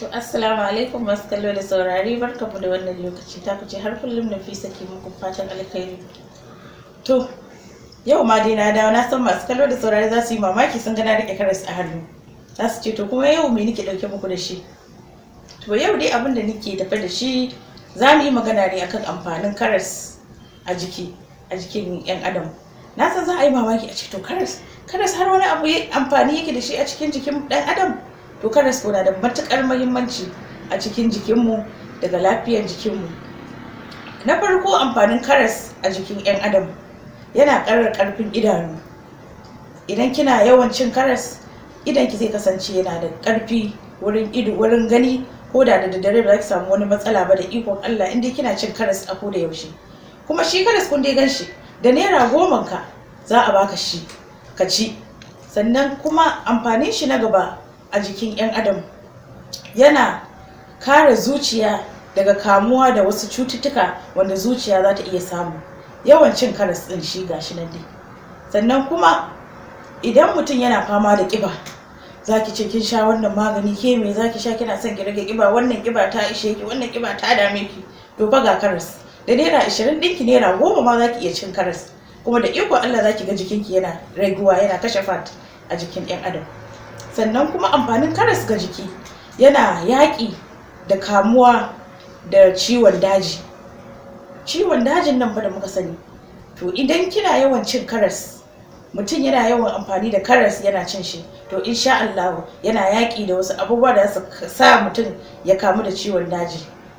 To assalamu alaikum masu kallo da saurari barkamu da wannan lokaci ta kuce har kullum na fisa ke muku fatan alkhairi. To yau ma dai na dawo na san masu kallo da saurari za su yi mamaki sun gana rike karas a hannu. Za su ce to kuma yau me nake dauke muku da shi. To yau dai abin da nake tafe da shi za mu yi magana ne akan amfanin karas a jiki a jikin yan adam. Na san za a yi mamaki a ce to karas karas har wani abu amfani yake da shi a cikin jikin dan adam. to karas na da matukar muhimmanci a cikin jikinmu daga lafiyar jikinmu na farko amfanin karas a jikin 'yan adam yana ƙarar ƙarfin idanu idan kina yawan cin karas idan ki zai kasance yana da ƙarfi wurin ido wurin gani ko da da dare ba za samu wani matsala ba da ikon Allah inda kina cin karas a koda yaushe kuma shi karas kun dai gan shi da naira goman ka za a baka shi ka ci sannan kuma amfanin shi na gaba a jikin 'yan adam yana kare zuciya daga kamuwa da wasu cututtuka wanda zuciya za ta iya samu yawan cin karas ɗin shi shi nan dai sannan kuma idan mutum yana fama da ƙiba ki ce kin sha wannan magani ke me ki sha kina son ki rage ƙiba wannan ƙiba ta ishe ki wannan ƙiba ta dame ki to ga karas da naira ashirin ɗinki naira goma ma za ki iya cin karas kuma da iko Allah za ki ga jikinki yana raguwa yana kashe fat a jikin ɗan adam sannan kuma amfanin karas ga jiki yana yaƙi da kamuwa da ciwon daji ciwon dajin nan ba da muka sani to idan kina yawan cin karas mutum yana yawan amfani da karas yana cin shi to insha Allah yana yaƙi da wasu abubuwa da su sa mutum ya kamu da ciwon daji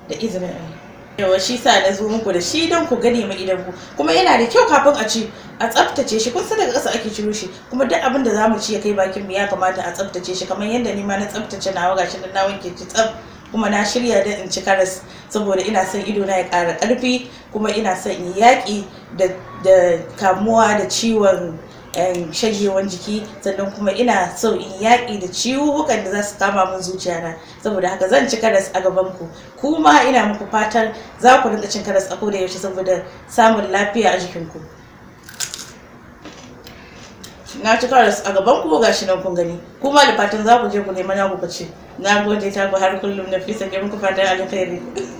da izinin Allah yawa shi sa na zo muku da shi don ku gane ma idan ku kuma yana da kyau kafin a ci a tsaftace shi kun san daga ƙasa ake ciro shi kuma duk abin da zamu ci ya kai bakin mu ya kamata a tsaftace shi kamar yadda ni ma na tsaftace nawa gashi na wanke shi tsaf kuma na shirya da in ci karas saboda ina son ido na ya ƙara ƙarfi kuma ina son in yaƙi da kamuwa da ciwon shagewan jiki sannan kuma ina so in yaƙi da ciwukan da za su kama min zuciya na saboda haka zan ci karas a gaban ku kuma ina muku fatar za ku rinka cin karas a koda yaushe saboda samun lafiya a jikinku na ci karas a gaban ku gashi nan kun gani kuma da fatan za ku je ku nema na ku ce na gode ta ku har kullum na fi sake muku fatan alkhairi